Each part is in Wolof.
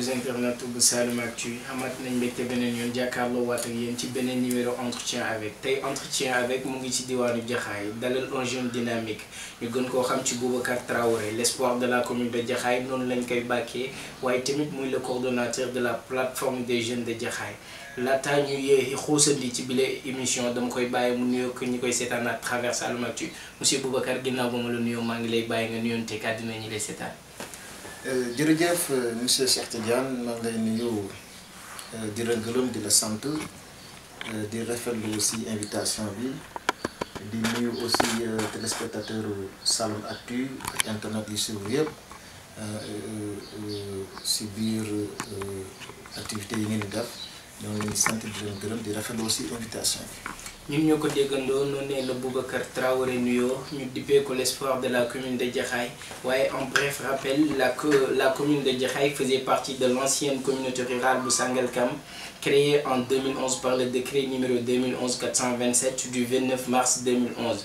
chers internautes bu Saloum-Actu xamaat nañ benen beneen yoon jàkkaarloo waat ak yéen ci numéro entretien avec tey entretien avec mu ngi ci diwaanu Jaxaay dalal un jeune dynamique ñu gën tu xam ci Boubacar Traoré l'espoir de la commune de Jaxaay non lañ koy bàkkee waaye été mis le coordonnateur de la plateforme des jeunes de Jaxaay la ñu rose xuusandi ci bile émission dama koy bàyyi mu nuyoo ko ñi koy seetaan à travers Saloum-Actu monsieur Boubacar gina ba ma la nuyoo maa ngi lay bàyyi nga ñi Euh, jërëjëf euh, monsieur Cheikh Tidiane maa ngi nu nuyu euh, di la gërëm di la sant di rafetlu aussi invitation bi di nuyu aussi téléspectateur Saloum Actu ak internet yi suivre yëpp si biir activité yi ngeen di def ñoo ngi leen di sant di gërëm di rafetlu aussi invitation bi. ñun ñoo ko déggandoo le la Boubacar Traoré nuyoo ñu avons l'espoir de la commune de Jaxaay en bref rappel la commune de Jaxaay faisait partie de l'ancienne communauté rurale de Sangalkam créée en 2011 par le décret numéro 2011 427 du 29 mars 2011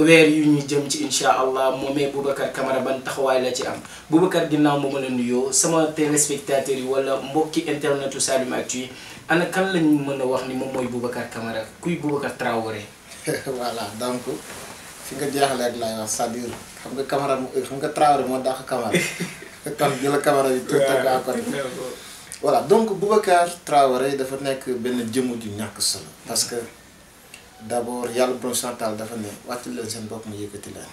weer yu ñu jëm ci incha allah moomee Boubacar Camara ban taxawaay la ci am Boubacar ginnaaw moom a nuyoo sama téléspectateurs yi wala mbokki internetu Saloum Actu yi ana kan lañ mën a wax ni moom mooy Boubacar Camara kuy Boubacar Traoré. voilà donc fi nga jeexalee ak laay wax c'est-à-dire xam nga Camara xam nga Traoré moo dàq Camara kon jël Camara yi dafa nekk benn jëmm ju ñàkk solo que. d'abord yàlla bon santal dafa ne wàccal leen seen bopp mu yëkkati leen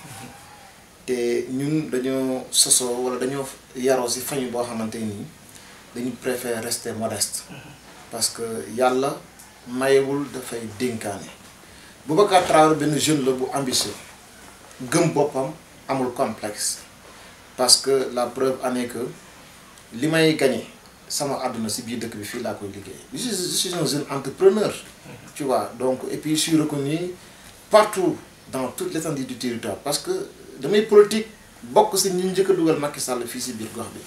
te ñun dañu soso wala dañu yaro si fañu bo xamanteni dañu préfère rester modeste parce que yalla mayewul dafay dénkaane Boubacar Traoré benn jeune le bu ambitieux gëm bopam amul complexe parce que la preuve en est que li may gagné sama aduna ci biir dëkk bi fii laa koy liggéey je suis un jeune entrepreneur tu vois donc et puis je suis reconnu partout dans toute l'étendue du territoire parce que damay politique bokk si ñu njëkk a dugal Macky Sall fii si biir gox bi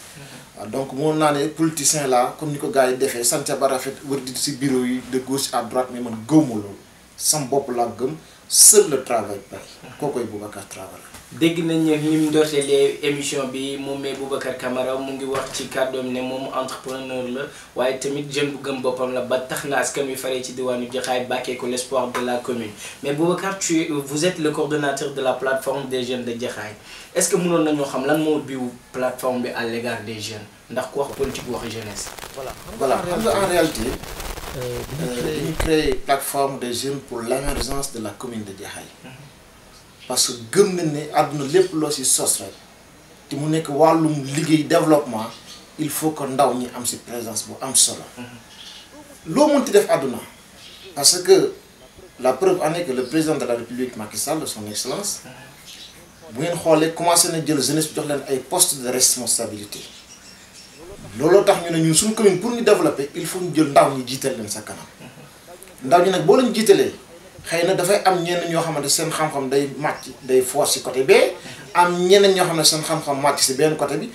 ah, donc moom naa ne politicien laa comme ni ko gars yi defee sanca ba rafet wër di si bureau yi de gauche à droite mais man gëwma loolu sam bopp laa gëm seul le travail paye kookoy Boubacar travail dégg nañ ne émission bi moom Boubacar Camara mu ngi wax ci entrepreneur la waaye tamit jeune bu gëm boppam la ba tax na askan ci ko l'espoir de la commune mais Boubacar tu vous êtes le coordonnateur de la plateforme des jeunes de Jaxaay est-ce que mënoon nañoo xam lan moo biwu plateforme à l'égard des jeunes ndax ku wax politique wax jeunesse. voilà voilà en réalité. Euh, euh, bi ñu créé plateforme des jeunes pour l'émergence de la commune de Jaxaay parce que gëm nañ ne àdduna lépp loo si sos rek te mu nekk wàllum liggéey développement il faut que ndaw ñi am ci présence bu am solo mhm. loo mënti def aduna parce que la preuve en est que le président de la république Macky Sall son excellence mhm. bu ngeen xoolee commencé na jël jeunesse jox leen ay postes de responsabilité looloo tax ñu ne ñun suñu commune pour ñu développer il faut ñu jël ndaw ñi jiital leen sa kanam mhm. ndaw ñi nag boo leen jiitalee. Nous da fay am matchs, ñoo seen xam-xam day day force côté am seen côté bi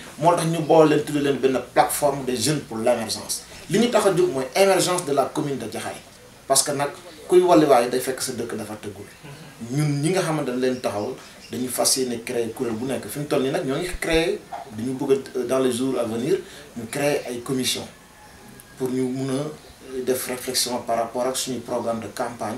plateforme des jeunes pour l'émergence. Nous li ñu de la commune de parce que nous kuy way day fekk créer kuréel bu nekk fi créer euh, dans les jours à venir nous créer ay commission pour nous euh, nous def par rapport à suñu programme de campagne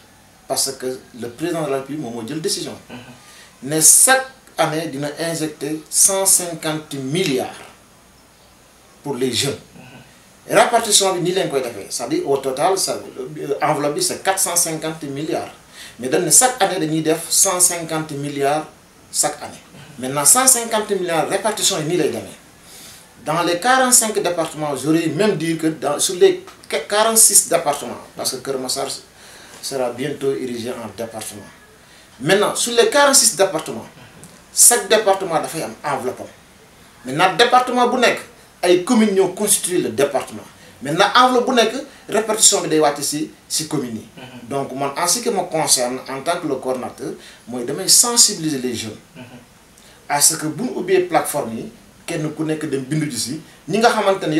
parce que le président de la République m'a dit une décision Mais chaque année il injecter injecté 150 milliards pour les jeunes répartition de nii c'est-à-dire au total ça euh, enveloppe c'est 450 milliards mais dans cette chaque année nous def 150 milliards chaque année maintenant 150 milliards répartition de 1000 et dans les 45 départements j'aurais même dit que dans sur les 46 départements parce que Kermassar sera bientôt érigé en département. Maintenant, sur les 46 départements, chaque département a fait un enveloppe. Maintenant, le département Bounek, les communes ont constitué le département. Maintenant, enveloppe Bounek, répartition de la ici, c'est commune. Mhm. Donc, en ce qui me concerne, en tant que le coordinateur, moi, je sensibiliser les jeunes mhm. à ce que vous oubliez plateforme, qu'elle ne connaît que des bindu d'ici, nous avons des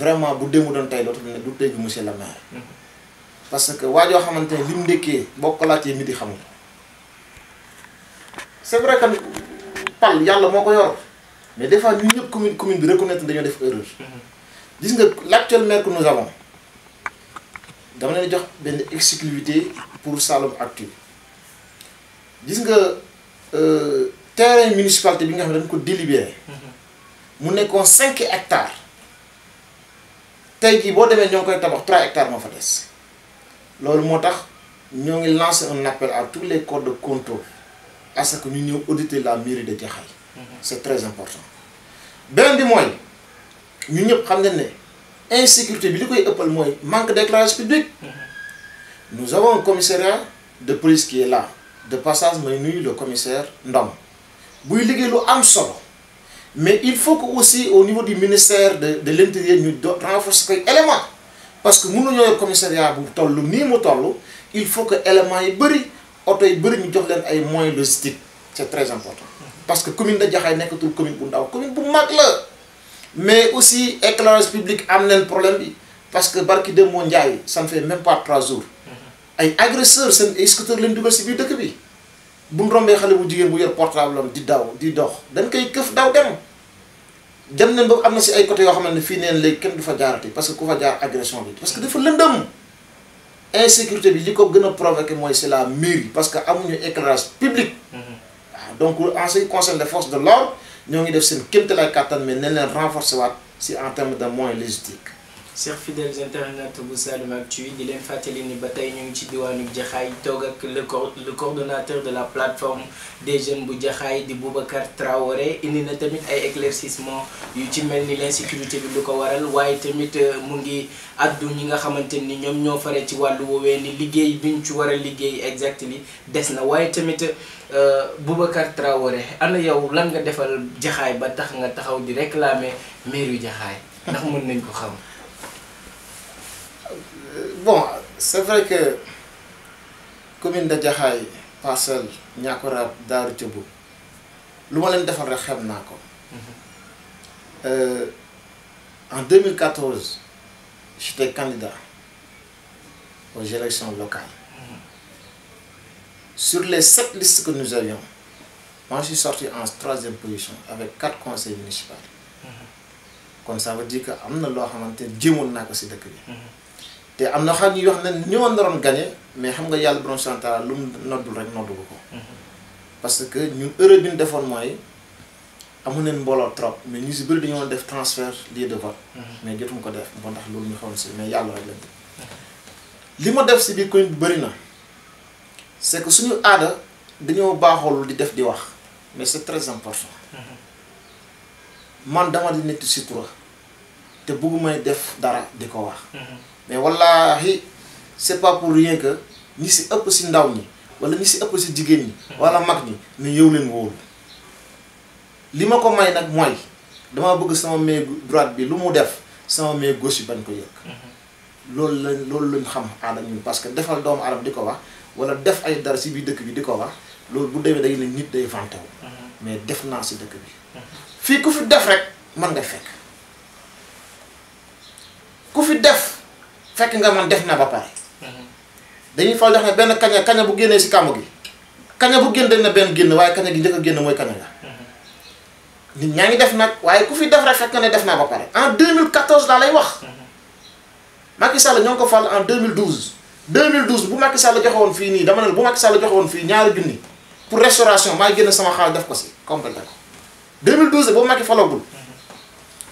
vraiment bu demu don tay dootul ne du tey bi monsieur le maire. parce que wa joo xamantene lim ndékkee bokk la ci midi xamul. c'est vrai que pal yàlla moo yor mais des fois ñun ñëpp commune commune bi reconnaître dañu def erreur. gis nga l'actuel maire que nous avons dama leen jox ben exclusivité pour Saloum Actu gis nga euh terrain municipalité bi nga xam dañ ko délibéré. Mhm. mu nekkoon 5 hectares tay jii bo 3 hectares mo fa dess loolu nous tax un appel à tous les codes de compte à que ñu ñeu auditer la mairie de Jaxaay mhm. c'est très important ben di moy ñu ñëpp xam ngeen né insécurité bi likoy manque d'éclairage public mhm. nous avons un commissariat de police qui est là de passage mais nuyu le commissaire Ndom buy liggéey lu am solo mais il faut que aussi au niveau du ministère de, l'Intérieur, nous les éléments. Parce que nous avons un commissariat pour il faut que les éléments soient les moyens logistiques. C'est très important. Parce que la commune de commune commune Mais aussi, l'éclairage public amène un problème. Parce que Barki de ça ne fait même pas trois jours. Les agresseurs, c'est de Si vous avez un portable, dem nañ boobu am na si ay côté yoo xam ne fii neen léegi kenn du fa jaarati parce que ku fa jaar agression bi parce que dafa lëndëm insécurité bi li ko gën a provoqué mooy c'est la mairie parce que amuñu éclairage public mhm. waaw donc en ce qui concerne les de l'ordre ñoo ngi def seen kéemtalaay kàttan mais nañ leen renforcer waat si en terme de moyens logistiques Chers fidèles internautes vous salue actuellement. di leen fàttali ni ba tey ñu ci diwaanu toog ak le coordonnateur de la plateforme des jeunes bu Jaxaay di Boubacar Traoré indi na tamit ay éclaircissement yu ci mel l'insécurité bi lu ko waral waaye tamit euh, mu ngi addu ñi nga xamante ni ñoom ñoo fare ci ni liggéey biñ ci war exactly. liggéey exact li des na waaye tamit euh, Boubacar Traoré ana yow lan nga defal Jaxaay ba tax nga taxaw di réclamer mairie Jaxaay ndax mën nañ ko xam bon c'est vrai que la commune de Jaxaay Parcelles Niakoulrab Daaru Cubb lu ma leen defal rek xam ko euh, en 2014 j'étais candidat aux élections locales sur les sept listes que nous avions moi je suis sorti en troisième position avec quatre conseils municipaux Comme mhm. ça veut dire que am na loo xamante jéemoon naa ko si te am na xam yoo xam ne ñoo naroon gagné mais xam nga yàlla borom santa lu mu noddul rek noddu ko. Mm-hmm. parce que ñun erreur bi ñu defoon mooy amu neen mbooloo trop mais ñu si bëri dañoo def transfert lieu de vote. Mm-hmm. mais jotum ko def loolu ñu xool si mm-hmm. li ma def si biir commune bi bëri na c'est suñu aada dañoo baaxool di def di wax mais c'est très important. man dama di nekk si te bëggumay def dara di ko wax. mais wallahi c'est pas pour rien que ni si ëpp si ndaw ni wala ñi si ëpp si jigéen ni wala mag ni ñu yow leen wóolu li ma ko may nak moy dama bëgg sama main droite bi lu mu def sama main gauche bi bañ ko yëg lool xam adam ñun parce que defal doom Arab diko wax wala def ay dar si bi dëkk bi diko wax lool bu déwé day ne nit day vanté mais def n'a ci dëkk bi fi ku fi def rek man nga fekk ku fi def fekk nga man def na ba pare. Mhm. dañuy fal jox ne benn kaña kaña bu génnee si kàmb gi kaña bu génn dañ na benn génn waaye kaña gi njëkk a génn mooy kaña la. Mhm. nit ñaa ngi def nag waaye ku fi def rek fekk nga ne def naa ba pare en 2014 daa lay wax. Mhm. Macky Sall ñoo ko fal en 2012. 2012 bu Macky Sall joxe fii nii dama ne bu Macky Sall joxe woon fii ñaari junni pour restauration maa génn sama xaalis def ko si complété ko 2012 boobu Macky falagul.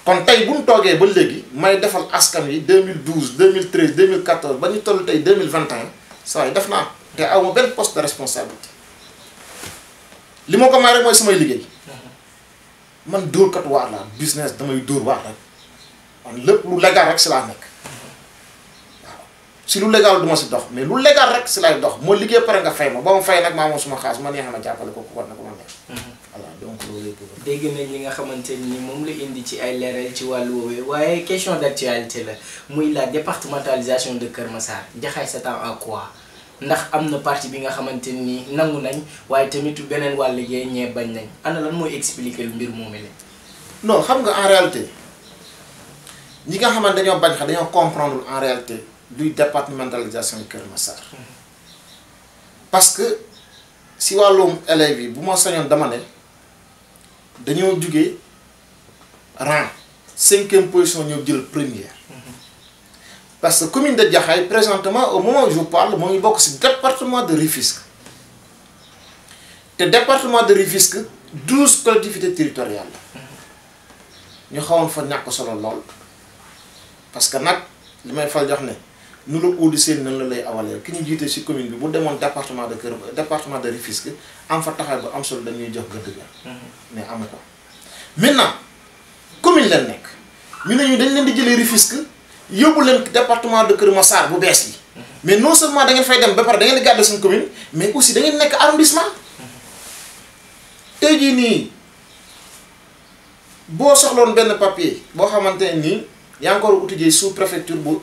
kon tey bu ñu toogee ba léegi may defal askan wi 2012 2013 2014 ba ñu toll tey 2021 saa yi def naa te aw ma benn poste de responsabilité li ma ko may rek mooy samay liggéey man dóorkat waar laa business damay dóor waar rek man lépp lu légal rek si laa nekk waaw si lu légal du ma si dox mais lu légal rek si lay dox moo liggéey pare nga fay ma ba ma fay nag maa moom suma xaas ma neex ma jàppale ko na ko dégg nañ li nga xamante ni moom la indi ci ay leeral ci wàllu woowee waaye question d'actualité la muy la départementalisation de Kër Massar Jaxaay s'attend à quoi ndax am na parti bi nga xamante ni nangu nañ waaye tamit beneen wàll gee ñee bañ nañ ana lan mooy expliquer mbir moomu la. non xam nga en réalité ñi nga xamante dañoo bañ xam dañoo comprendre en réalité luy départementalisation de Kër Massar mm-hmm. parce que si wàllum élèves yi bu ma sañoon dama ne dañoo jugee rang cinquième position de la première parce que commune de Jaxaay présentement au moment où je parle moo ngi département de rifisque. Le département de rifisque, douze collectivités territoriales Nous ñu xawoon fa ñàkk solo lool parce que nag li may fal jox nu la auditeurs nan la lay awalee ki ñu jiite si commune bi bu demoon département de Kër département de Rufisque am fa taxaw bu am solo dañuy jox gëdd ga mhm. mais amu ko maintenant commune lañ nekk ñu ne ñu dañ leen di jëlee Rufisque yóbbu leen département de Kër Massar bu bees yi mhm. mais non seulement da ngeen fay dem ba pare da ngeen di gàdde commune mais aussi da ngeen nekk arrondissement mhm. tey ni bo soxlon ben papier bo xamanteni ya encore outil sous préfecture bu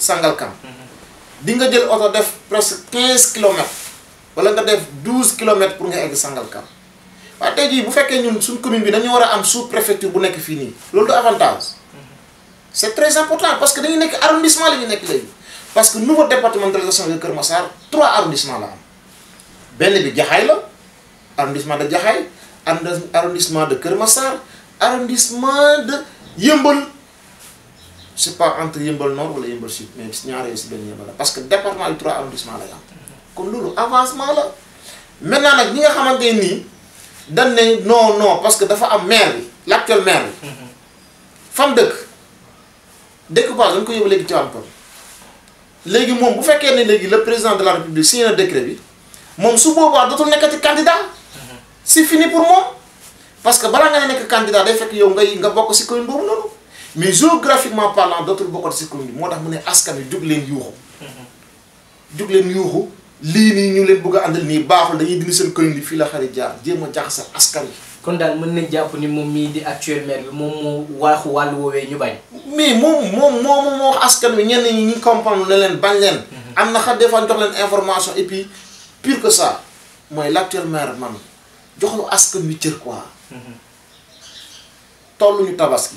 sangal kam mhm. di nga jël auto def presque 15 km wala nga def 12 km pour nga egg sangal kam wa tay ji bu fekke ñun suñu commune bi dañu wara am sous préfecture bu nekk fii nii loolu avantage mhm. c'est très important parce que dañu nekk arrondissement la ñu nekk lay parce que nouveau départementalisation de Kër Massar trois arrondissements la am benn bi jaxay la arrondissement de jaxay arrondissement de Kermassar arrondissement de Yëmbal c'est pas entre yëmbal nord wala yëmbal sud mais si ñaar yooyu si benn yëmbal parce que département yi trois arrondissement lay am kon loolu avancement la maintenant nag ñi nga xamante nii dañ ne non non parce que dafa am maire bi l' actuel maire bi fam dëkk découpage dañ ko yóbbu léegi Tivaouane Peulh léegi mom bu féké né légui le président de la république signé un décret bi mom su boba dootul nekati candidat c'est fini pour moi parce que bala nga nek candidat day fekk yow ngay nga bok ci commune boobu noonu mais géographiquement parlant d'autres beaucoup de commune bi moo tax mu ne askan wi jug leen yuuxu jug leen ñu leen bëgg andal ni nii baaxul dañuy dindi seen commune fi la xari jaar jéem a jaxase askan wi. kon daal mën nañ jàpp ni moom mii di actuel maire bi moom moo waaxu wàllu woowee ñu bañ. mais moom moom moom moo askan wi ñenn ñi ñu comprendre ne leen bañ leen. Mhm. am na xam des fois jox leen information et puis pire que ça mooy l' actuel maire man joxlu askan wi cër quoi. Mhm. ñu tabaski.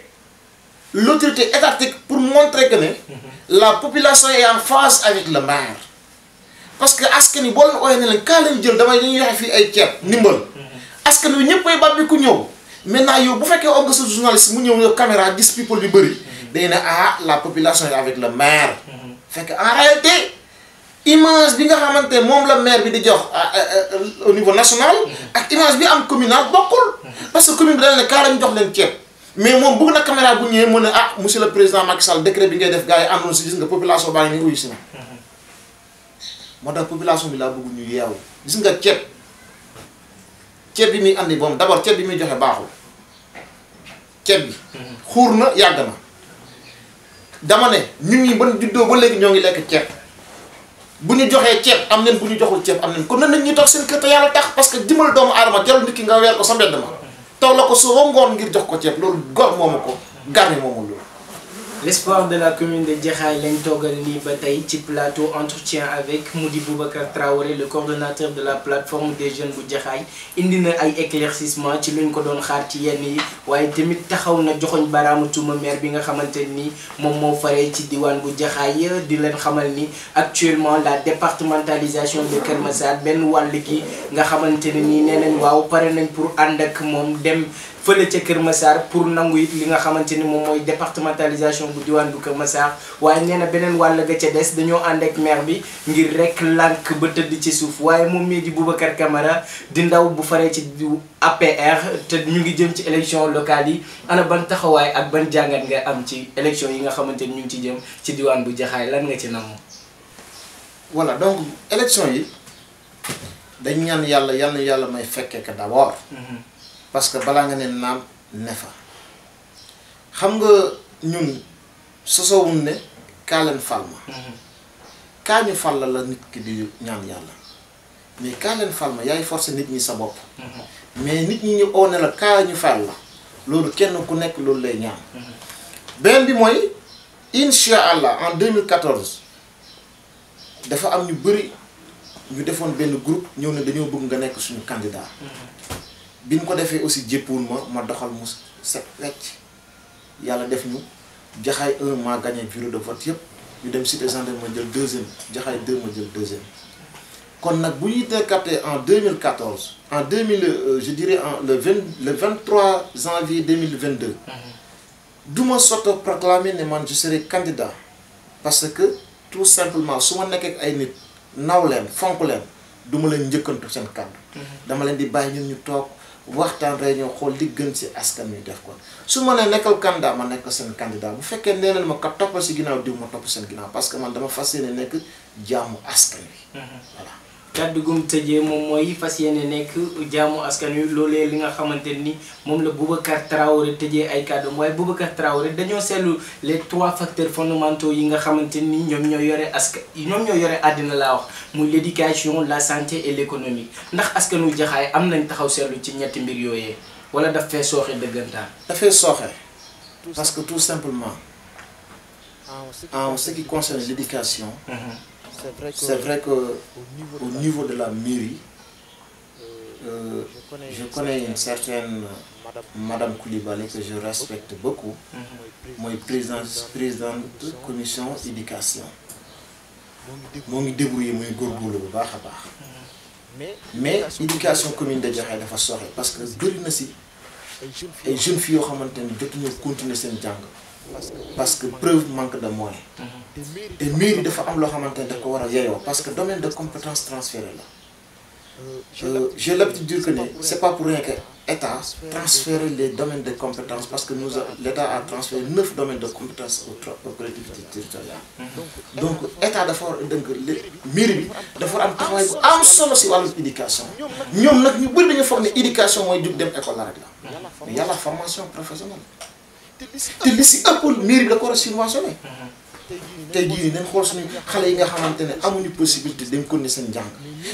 l'autorité étatique pour montrer que la population est en phase avec le maire parce que ce que nous avons ne leen kaa leen jël ay ceeb ndimbal askan un maintenant bu nous journaliste ah, la population est avec le maire en réalité image bi nga de la maire ah, ah, au niveau national ak image bi am communal parce que commune bi mais moom bëgg na caméra bu ñëwee mu ne ah monsieur le président Macky Sall bi ngay def gars yi àndoon si gis nga population baa ngi nii wuyu si na. moo tax population bi laa bëgg ñu yeewu gis nga ceeb ceeb bi muy andi moom d' abord ceeb bi muy joxe baaxul ceeb bi. xuur na yàgg na. dama ne ñun ñi ban juddoo ba léegi ñoo ngi lekk ceeb bu ñu joxee ceeb am nañ bu ñu joxul ceeb am nañ kon nan nañ ñuy seen kër te yàlla tax parce que dimbal doomu aadama jarul nit ki nga weer ko sa mbedd ma. taw la ko suba ngoon ngir jox ko ceeb loolu gor moomu ko garmi moomu l'espoir de la commune de Djahaï lañ toogal nii ba ci plateau entretien avec Moudi di Boubacar Traoré le coordinateur de la plateforme des jeunes bu Djahaï indi na ay éclaircissement ci luñ ko doon xaar ci yenn yi waaye tamit taxaw na joxoñ baraamu tuuma maire bi nga xamante ni moom moo faree ci diwaan bu Djahaï di leen xamal ni actuellement la départementalisation de Kër Massar benn wàll gi nga xamante ne nii nee nañ waaw pare nañ pour ànd ak moom dem fële ca Kër pour nangu it li nga xamante ni moom mooy départementalisation bu diwaan bu Wah ma sax way neena benen ga ca des dañu ànd ak maire bi ngir rek lank ba teud ci souf waaye mom mii di Boubacar Camara di ndaw bu ci APR te ñu ngi jëm ci élection locale yi ana ban taxaway ak ban jangat nga am ci élection yi nga xamanteni ñu ci jëm ci diwaan bu jaxay lan nga ci nam voilà donc élection yi dañ ñaan yalla yalla yalla may fekke ka d'abord. Mhm. parce que bala nga ne xam nga ñun sosowuñ ne kaa leen fal ma mhm. kaa ñu fal la la nit ki di ñaan yàlla mais kaa leen fal ma yaay forcé nit ñi sa bopp mhm. mais nit ñi ñu oo ne la kaa ñu fal la loolu kenn ku nekk loolu lay ñaan mhm. benn bi mooy incha allah en 2014 dafa am ñu bëri ñu defoon benn groupe ñëw ne dañoo bëgg nga nekk suñu candidat bi ñu ko defee aussi jéppuwul ma ma doxal mu set wecc yàlla def ñu jaxaay 1 maa gagné bureau de vote yep ñu dem cité gendarme ma jël deuxième jaxaay 2 ma jël deuxième kon nag bu ñu en 2014 en 2000 euh, je dirais en le 20 le 23 janvier 2022 du ma soto proclamé ne man je serai candidat parce que tout simplement su ma nekkee ay nit nawlem leen fonk leen du sen cadre mhm. dama leen di bay ñun ñu tok waxtaan réunion xool li gën si askan wi def ko su ma nee nekkal candidat ma nekk seen candidat bu fekkee nee nañ ma kat toppal si ginnaaw diw ma topp seen ginnaaw parce que man dama fas yéene nekk jàmmu askan wi mhm. voilà kaddu gum tëjee mom moy fas yéene nekk jaamu askan wi loolee li nga xamante ni la Boubacar Traoré tëjee ay kàddoom moy Boubacar Traoré dañoo seetlu les trois facteurs fondamentaux yi nga xamante ni ñoy yoré yore askan ñoom ñoo yore àddina wax muy l'éducation éducation la santé et l'économie ndax askanu jaxay am nañ taxaw seetlu ci ñetti mbir yoyé wala daf fé soxé dëggantaan. daf fé soxé parce que tout simplement ah, en ce qui concerne l' -hmm. C'est vrai qu'au niveau de la mairie, euh, euh, je connais une certaine Madame Koulibaly que je respecte beaucoup, mhm. moi suis présidente de la commission éducation. Je suis débrouillé je suis bu baax a baax mais éducation commune de Jaxaay dafa soxe parce que bëri na si je jeunes filles yoo xamante en jotuñu continuer seen parce que preuve manque de moyens. Et mairie yi dafa am l'on xamante ne ko parce que domaine de est transféré je j'ai l'habitude de dire que c'est pas pour rien que état transférer les domaines de compétences, parce que nous l'état a transféré neuf domaines de compétences aux collectivités territoriales donc l'État, dafa war donc mairie bi dafa war am taxawaay am solo si l'éducation éducation ñoom nag ñu bëri dañu éducation école la rek formation professionnelle te li si ëpp mairie bi la ko war a subventionné tey jii nii nañ xool suñu xale yi nga xamante ne amuñu possibilité dañ kon ne seen njàng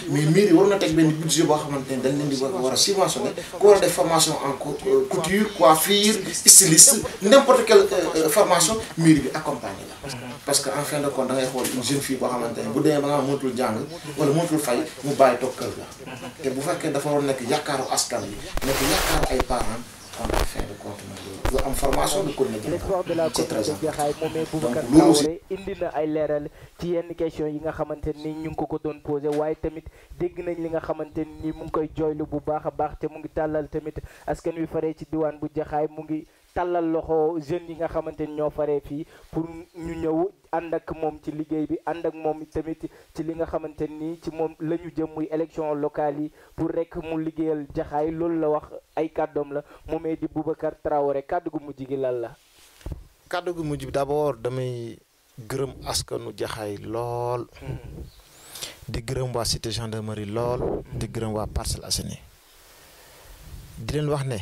mais mairie war na teg benn budget boo xamante ne dañ leen di war a subventionné ku war a def formation en euh, couture coiffure styliste n'importe quelle euh, formation mairie bi accompagné la parce que en fin de compte da ngay xool une jeune fille boo xamante ne bu demee ba nga xam mënatul jàng wala mënatul fay mu bàyyi toog kër ga te bu fekkee dafa war nekk askan bi nekk ay parents génération de Koundé l'espoir de la commune de Jaxaay moomee Boubacar Traoré indi na ay leeral ci yenn question yi nga xamante ni ñu ngi ko ko doon posé waaye tamit dégg nañ li nga xamante ni mu ngi koy jooylu bu baax a baax te mu ngi tàllal tamit askan wi faree ci diwaan bu Jaxaay mu ngi tàllal loxo jeunes yi nga xamante ni ñoo faree fii pour ñu ñëw ànd ak moom ci liggéey bi ànd ak moom tamit ci li nga xamante nii ci moom la ñu jëm muy élection locale yi pour rekk mu liggéeyal jaxaay loolu la wax ay kàddoom la moomee di Boubacar Traoré kàddu gu mujj gi lal la. kàddu gu mujj bi d'abord damay gërëm askanu jaxaay lool. Hmm. di gërëm waa cité gendarmerie lool. Hmm. di gërëm waa Parcelles Assainies di leen wax ne.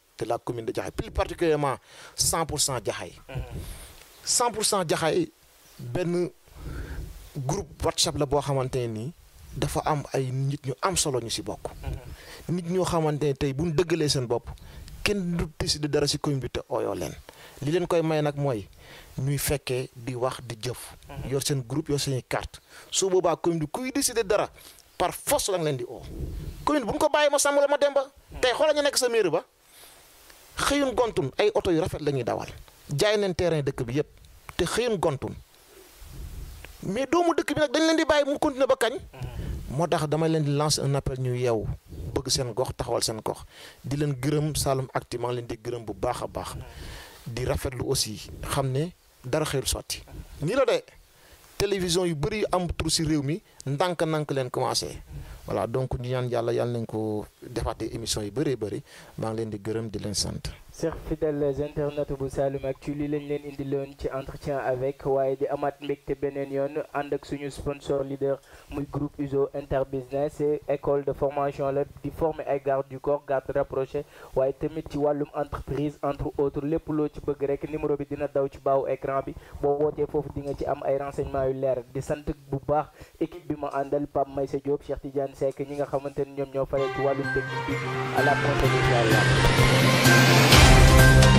de la commune de Diakhaye plus particulièrement 100 pour 100 pour Ben Diakhaye groupe WhatsApp la boo xamante ne dafa am ay nit ñu am solo ñu si bokk nit ñoo xamante ne tey bu ñu dëggalee seen bopp kenn du décider dara si commune bi te ooyoo leen li leen koy may nag mooy ñuy fekkee di wax di jëf yor seen groupe yor seen carte su boobaa commune kuy décider dara par force la nga leen di oo commune bu ñu ko bàyyi ma la ma dem ba tey xoolal ñu nekk sa mairie ba xëyun gontun ay oto yu rafet la ñuy dawal jaay nañ terrain dëkk bi yépp te xëyun gontun mais doomu dëkk bi nag dañ leen di bàyyi mu continuer ba kañ. Mm-hmm. moo tax dama leen di lancer un appel ñu yeewu bëgg seen gox taxawal seen gox di leen gërëm Saloum-Actu maa ngi leen di gërëm bu baax a baax mm-hmm. di rafetlu aussi xam ne dara xëyul sotti nii la de télévision yu bëri yu am tur si réew mi ndànk-ndànk leen commencé. voilà donc ñu ñaan yàlla yàlla nañ ko defaatee émission yi bëree bëri maa ngi leen di gërëm di leen sant Cheikh les internautes bu Saloum Actu li lañ leen indi loon ci entretien avec waaye di amaat mbégte beneen yoon ànd ak suñu sponsor leader muy groupe uso interbusiness école de formation la di former ay garde du corps garde rapproché waaye tamit ci wàllum entreprise entre autres lépp loo ci bëgg rek numéro bi dina daw ci baaw écran bi boo wootee foofu di nga ci am ay renseignements yu leer di sant bu baax équipe bi ma àndal Pape Maïssa Diop Cheikh Tidiane Seck ñi nga xamante ni ñoom ñoo fare ci wàllum technique bi à la prochaine inchallah Thank you.